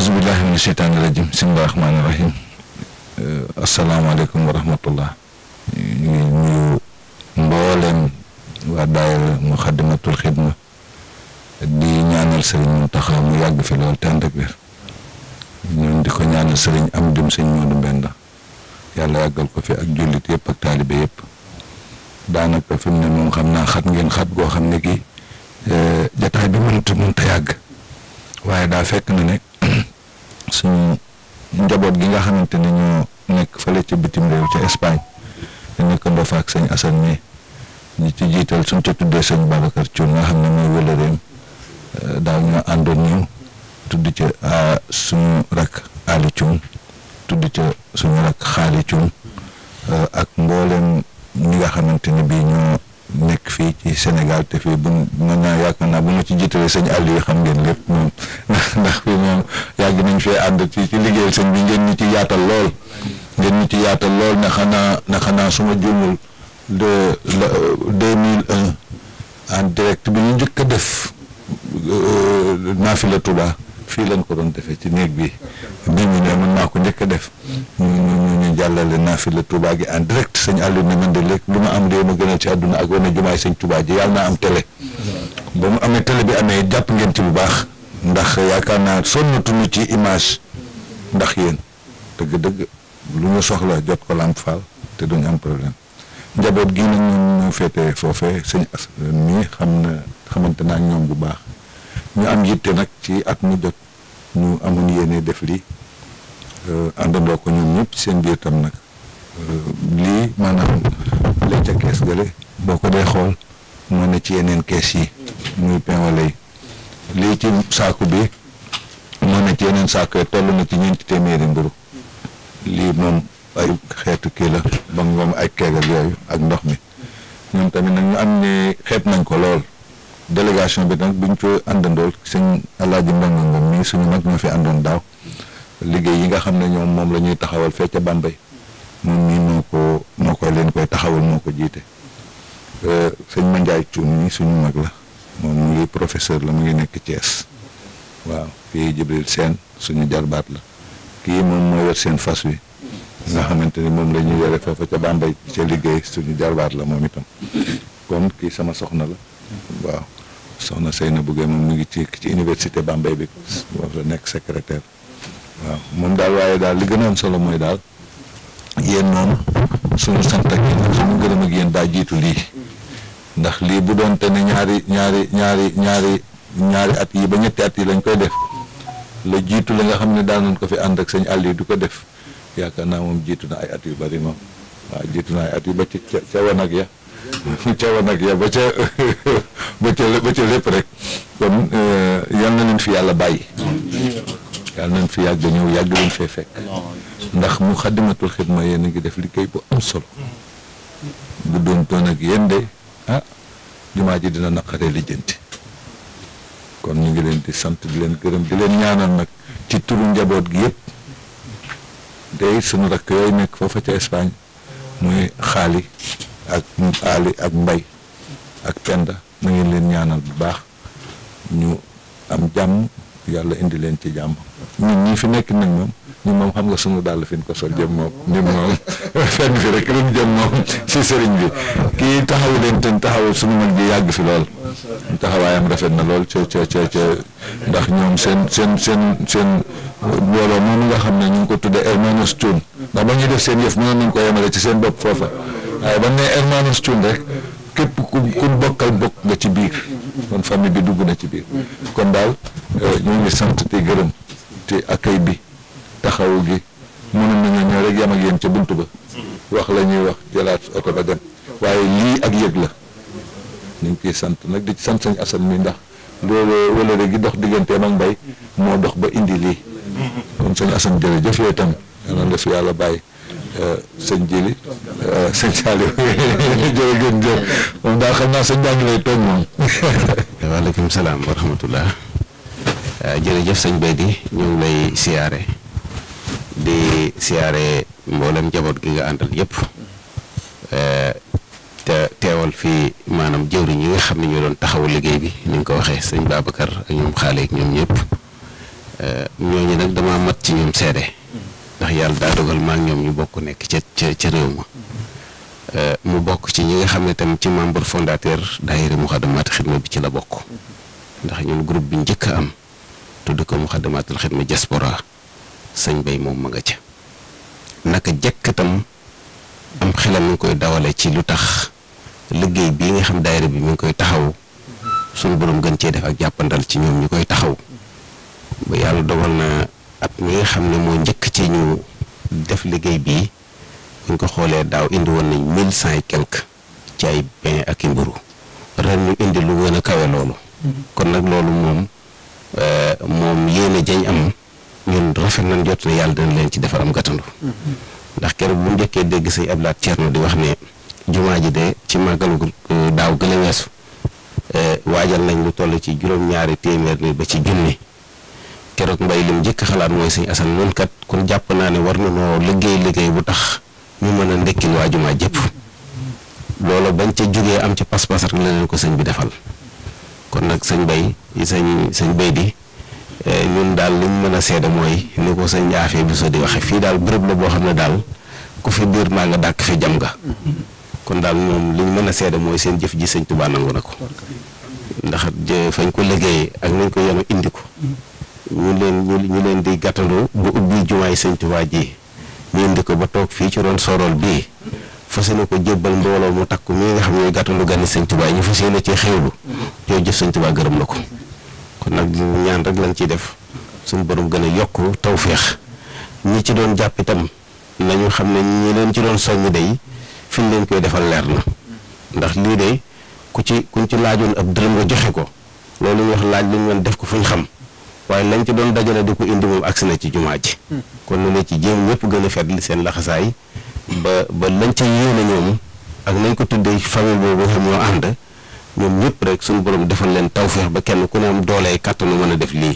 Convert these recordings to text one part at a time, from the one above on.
ahousubillahi mina sheytaani rajim bismillahi rahmaani rahim uh, asalaamaaleykum wa rahmatullah ñu ngi waa daayira Muxaddamatul Xidma di ñaanal sëriñ Muntaxa mu yàgg fi lool tànd ak wér ñun di ko ñaanal sëriñ am jum sëñ Moodu Mbenda yàlla yàggal ko fi ak jullit yëpp ak taalibe yëpp daanaka fi mu ne moom xam naa xat ngeen xat goo xam ne kii uh, jataay bi mënut mënut yàgg waaye daa fekk na ne suñu njaboot gi nga xamante ne ñoo nekk fële ca bitim réew ca Espagne te nekkandoo fa ak sëñ Assane mais ñi ci jiital suñ ca tuddee sëñ Babacar Thioune nga xam ne mooy wëlëreem euh, daal ñoo àndoon ñëw tudd ca euh, suñu rakk Ali Thioune tudd ca suñu euh, ak mboolem ñi nga xamante ne bii nekk fii ci Sénégal te fii bu mën naa yaakaar naa bu ma ci jiitalee sëñ àll yi xam ngeen lépp moom ndax fii moom yàgg nañ fee ànd ci ci liggéeyal sëñ bi ngeen ñu ci yaatal lool. ngeen ñu ci yaatal lool na xanaa ne xanaa suma ma juumul de la 2001 en direct bi ñu njëkk a def euh, la tubaa fii lañ ko doon defee ci néeg bi nit ñi ne mën naa ko njëkk a def ñu ñu ñu jàllale naa fi la Touba gi en direct sëñ Aliou ne man de léegi lu ma am de ma gënal ci àdduna ak wane jumaay sëñ Touba ji yàlla naa am tele ba mu amee télé bi amee jàpp ngeen ci bu baax ndax yaakaar naa sonnatuñu ci image ndax yéen dëgg-dëgg lu ñu soxla jot ko lamp faal te duñ am problème njaboot gi nag ñoom ñoo féetee foofee sëñ as mi xam na xamante naa ñoom bu baax ñu am yitte nag ci at mu jot ñu amoon yéene def lii euh, àndandoo ko ñoom ñëpp seen biir tam nag euh, lii maanaam la ca kees gale boo ko dee xool moo ne ci yeneen kees yi muy pain au lii ci saaku bi moo ne ci yeneen saako yi toll na ci ñeenti téeméeri mburu lii moom ay xeetu kii la ba ngoom ay keeg ak yooyu ak ndox mi ñoom tamit nag ñu am ne xeet nañ ko lool délégation bi nag biñ ko àndandool sëñ Alaaji Ndongo Ngom mii suñu mag ñoo fi àndoon daaw liggéey yi nga xam ne ñoom moom la ñuy taxawal fee ca Bambey moom mii moo ko moo koy leen koy ko jiite euh, sëñ Mandiaye Thioune mii suñu mag la moom mu professeur la mu ngi nekk Thiès waaw kii Jibril Sène suñu jarbaat la kii moom seen fas wi nga xamante ni moom la ñuy yore foofa ca Bambey ca liggéey suñu jarbaat la moom itam kon kii sama soxna la waaw soxna na Gueye moom mu ngi ci ci université Bambey bi boobu la nekk secrétaire waaw moom daal waaye daal li gën a am solo mooy daal yéen moom suñu sant ak yéen suñu gërëm ak yéen daa jiitu lii ndax lii bu doon te ne ñaari ñaari ñaari ñaari ñaari at yi ba ñetti yi lañ koy def la jiitu la nga xam ne daanoon ko fi ànd ak sëñ àll yi du ko def yaakaar naa moom jiitu na ay at yu bari moom waa jiitu na ay at yu ba ci ca ca wanag ya cawa nag ya ba ca ba ca ba lépp rek kon euh, yal na leen fi yàlla bàyyi yal nañ fi yàgg ñëw yàgg leen fee fekk ndax mu xaddimatul xidma yéen ngi def liggéey bu am solo bu doon toon ak yéen de ah jumaa ji dina naqaree lijjanti kon ñu ngi leen di sant di leen gërëm di leen ñaanal nag ci turu njaboot gi yëpp day sunu rakk yooyu nekk foofa ca Espagne muy xaali ak Ali ak Mbay ak Penda na ngeen leen ñaanal bu baax ñu am jàmm yàlla indi leen ci jàmm ñun ñii fi nekk nag moom ñun moom xam nga sunu dàll fi ñu ko sol jëm moom ñun moom rek lañ jëm moom si bi kii taxawu leen ten taxawul sunu mag ji yàgg fi lool taxawaayam rafet na lool ca ca ca ndax ñoom seen seen seen seen mbooloo moom nga xam ne ñu ngi ko tuddee Hermanus Thioune ndax ba ñuy def seen yëf mënoon nañ ko yemale ci seen bopp foofa waaye ba ne hermanus Thioune rek képp ku ku bokkal bokk nga ci biir kon famille bi dugg na ci biir kon daal euh, ñu ngi sant te gërëm te accueil bi taxawu gi mënoon nañu ñëw rek yam ak ca bunt ba wax la ñuy wax jëlaat oto ba dem waaye lii ak yëg la ñu ngi koy sant nag di sant sañ asan mi ndax loolu wala gi dox digganteem ak mbay moo dox ba indi lii kon sañ asan jërëjëf yooyu tam yàlla na la yàlla bàyyi Euh, sëñ Jili euh, sëñ Saliou moom daal xam naa sëñ baa ngi lay toog moom. waaleykum salaam wa rahmatullah euh, jërëjëf sëñ Bédi ñu ngi lay siyaare di siyaare mboolem njaboot gi nga àndal yëpp te teewal fii maanaam jëwriñ yi xam ne doon taxawu liggéey bi ni nga waxee sëñ Babacar ak ñoom xaale ñoom ñëpp ñooñu nag dama mat ci ñoom seede. ndax yàlla daa dogal maa ñoom ñu bokk nekk ca ca ca réew ma euh, mu bokk ci ñi nga xam ne tamit ci membre fondateur daayira Muxaddamaatul Xidma bi ci la bokk ndax ñun groupe bi njëkk a am tudd ko Muxaddamaatul Xidma diaspora sañ bay moom ma nga ca naka jekk tam am xelam mi ngi koy dawale ci lu tax liggéey bii nga xam daayira bi mu ngi koy taxaw suñu borom gën cee def ak jàppandal ci ñoom ñu koy taxaw ba yàlla dogal na at mi nga xam ne moo njëkk ci ñu def liggéey bii buñ ko xoolee daaw indi woon nañ mille cent et quelque ci ay pain ak i mburu ren ñu indi lu gën a kawe loolu kon nag loolu moom euh, moom yéene jañ am ñun rafet nañ jot na yàlla dana leen ci defar am gàttandu ndax keroog bu njëkkee dégg say ablaat na di wax ne jumaa ji de ci màggalu euh, daaw gën euh, waajal nañ lu toll ci juróom-ñaari téeméer ni ba ci junni keroog mbay lim njëkk xalaat mooy sëñ Assane noonu kat kon jàpp naa ne war na noo liggéey liggéey bu tax ñu mën a ndekkil waa jumaa jëpp loolu bañ ca jógee am ci pas-pas rek la leen ko sëñ bi defal kon nag sëñ bay sëñ sëñ bay di eh, ñun daal liñ mën a seede mooy ni ko sëñ aafee bi soo di waxee fii daal bërëb la boo xam ne daal ko fi biir maa nga dàkk fi jam nga kon daal moom liñ mën a seede mooy seen jëf ji sëñ Tuubaa nangu na ko ndax fañ ko liggéey ak nañ ko yenu indi ko ñu leen ñu leen di gàttandoo bu ubbi jumaay sëñ Tuubaa ji ñu indi ko ba toog fii ci ron sorool bii fas yéene ko jébbal mbooloo mu takku mi nga xam ne gàttandu gani sëñ Tuubaa ñu fas yéene ci xewlu ñoo jëf sëñ Tuubaa gërëm na ko kon nag ñaan rek lañ ciy def suñu borom gën a yokk tawféex ñi ci doon jàpp itam nañu xam ne ñi leen ci doon soññ day fi ñu leen koy defal leer na ndax lii de ku ci kuñ ci laajoon ab dërëm nga joxe ko loolu ñu wax laaj li ñu def ko fu ñu xam waaye lañ ci doon dajale di ko indi moom agsi na ci jumaa ji kon na ne ci jéem ñépp gën a fedd seen laxasaay ba ba lañ ca yéene ñoom ak nañ ko tuddee famille boobu nga xam ñoo ànd ñoom ñëpp rek suñu borom defal leen tawféex ba kenn ku ne am doole kàttanu mën a def lii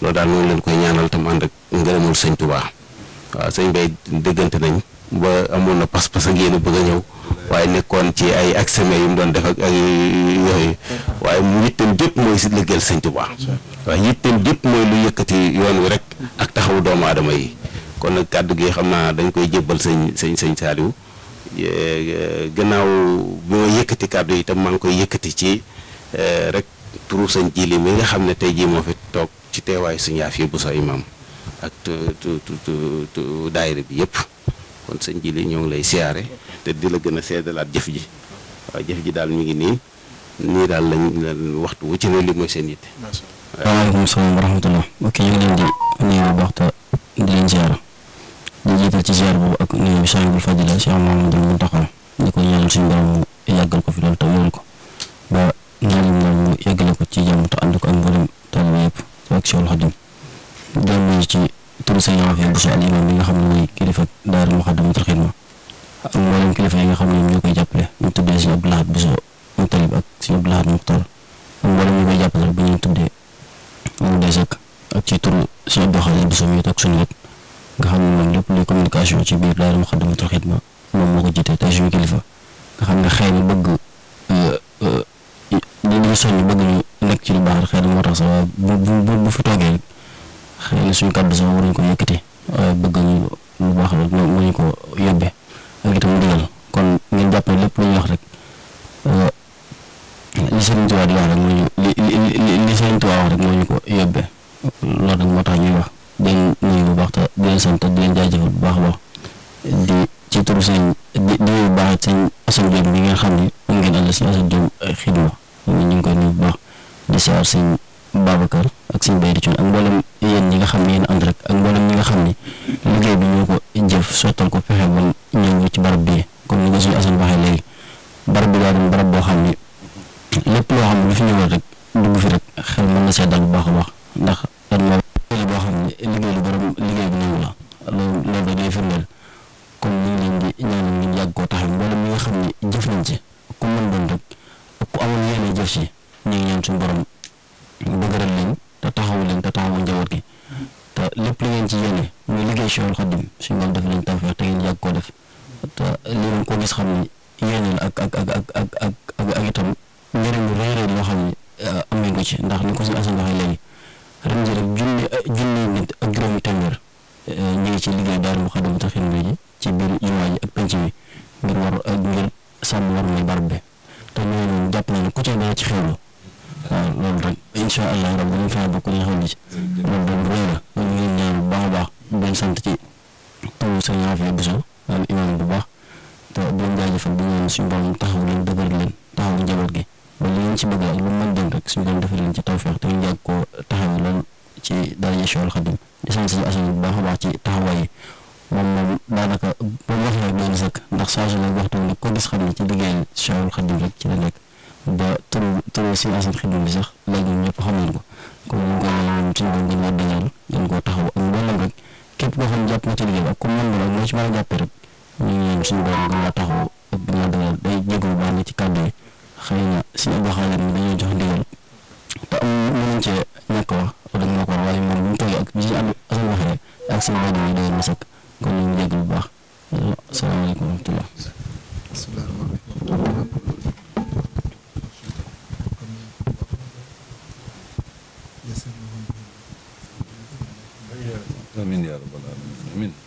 loolu daal moom leen koy ñaanal tam ànd ak ngërëmul sëñ Tuubaa waaw sañ Bay dëggante nañ ba amoon na pas-pas ak yéen a bëgg a ñëw waaye nekkoon ci ay ak semaine yu mu doon def ak yooyu waaye mu itam jëpp mooy si liggéeyal sëñ Tuubaa waaye yitteem jëpp mooy lu yëkkati yoon wi rek ak taxawu doomu aadama yi kon nag kàddu gi xam naa dañ koy jébbal sëñ sëñ sëñ Saliou gannaaw bi ma yëkkati kàddu yi itam maa koy yëkkati ci eh, rek turu sëñ Jili mi nga xam ne tey jii moo fi toog ci teewaayu suñu yaaf yi bu sa imam ak tu tu tu daayira bi yëpp kon sëñ Jili ñoo ngi lay siyaare te di la gën a seedalaat jëf ji waaw jëf ji daal mi ngi nii nii daal lañ waxtu wu ci ne li mooy seen yitte waaleykum salaam wa rahmatullah ok ñu ngi leen di nuyu bu baax te di leen ci ziar boobu ak nuyu bi Sahibul Fadila Cheikh Mamadou Mountakha di ko ñaanal suñu borom ko fi loolu te wéral ko ba ñaari ci jàmm te ànd ko ak mboolem taalibe yëpp ak Cheikhul Khadim bi nga xam ne mooy kilifa daara Moukhaddamatoul Khidma ak mboolem kilifa yi nga xam ne ñoo koy jàppale ñu tuddee sëñ Abdou Lahad ak sëñ Abdou Lahad Moukhtar ak mboolem ñu koy jàppale bu ci turu si Abdou Khadir Bousso mi toog suñu wet nga xam ne moom lépp luy communication ci biir daayira Moukhaddamatoul Khidma moom moo ko jiite tey suñu kilifa nga xam ne xëy na bëgg euh, euh, li ñu soññ bëgg ñu nekk ci lu baax moo tax bu bu bu fi na suñu kàddu sax ko yëkkati waaye bëgg ñu baax la moo ñu ko yóbbee ak itam ndigal kon ngeen jàpp lépp lu wax rek euh, li Sëriñ Tuubaa di wax rek moo ñu li li li Sëriñ Tuubaa wax rek moo ñu ko yóbbee loolu rek moo tax ñuy wax di leen nuyu bu baax te di leen sant di leen jaajëfal bu baax a baax di ci turu sëñ di di nuyu bu baax sëñ Assane Diop mi nga xam ne mu ngeen ànd si Assane Diop xidma ñu ngi koy nuyu bu baax di siyaar sëñ Babacar ak sëñ Baydi Cuun ak mboolem yéen ñi nga xam ne yéen ànd rek ak mboolem ñi nga xam ne liggéey bi ñoo ko jëf sottal ko fexe ba ñëw ci barab bi comme ni ko suñu Assane waxee léegi barab bi daa doon barab boo xam ne lépp loo xam ne lu fi ñëwoon rek dugg fi rek xel mën na see dal bu baax a baax ndax lay firndeel kon ñu ngi leen di ñaan ngeen yàgg koo taxaw mboolem mi nga xam ne jëf nañ ci ku mën doon rek ak ku amoon si ñu ngi ñaan suñu borom dëgëral leen te taxawu leen te taxawu njaboot gi te lépp li ci yéene muy liggéey Cheikhul Khadim suñu borom def leen te ngeen koo def te ko gis xam ne yéene ak ak ak ak ak ak itam njëriñ lu rëy rëy loo xam ne eh, am nañ ko ci ndax ni ko suñu asan waxee léegi ren rek junni eh, junni nit ak juróomi téeméer ñu ngi ci liggéey daal Moukhaddamatoul Khidma ji ci biir jumaa ji ak penc bi ngir war ak ngir sàmm war may barab bi te ñooñu moom jàpp nañu ku ca ci xewlu waaw loolu rek incha allah rabbi dañu faa bokk ñu xewlu ci loolu rek rëy la ñu bu baax a baax di sant ci taw sëñ Afia Bousso bu baax te bu ñu jaajëfal di ñaan suñu borom taxaw leen dëgër leen taxaw njaboot gi ba li ngeen ci bëgg ak lu mën dem rek suñu borom defal leen ci tawfeex te ñu yàgg koo taxawee loolu ci daraja Cheikhul Khadim di sant si baax a baax ci taxawaay yi moom moom daanaka boo waxee rek doon ndax saa su nekk ko gis ci liggéeyal Cheikhul Khadim rek ci la nekk ba turu turu si bi sax léegi ñëpp xam nañ ko kon ñu ngi koy ñaan suñu doom gën a dañal gën koo taxaw ak mbooleem rek na la moo ci a jàppee rek ñu ngi ñaan suñu doom gën a taxaw ak gën a dañal day jégalu na ci kàddu yi xëy na si Abdou Xaalim te am mënuñ cee ñàkk ko danga ko waaye moom bu mu ak bi ci am asan waxee ak seen rajo yi doyoon na sëkk kon ñu ngi bu baax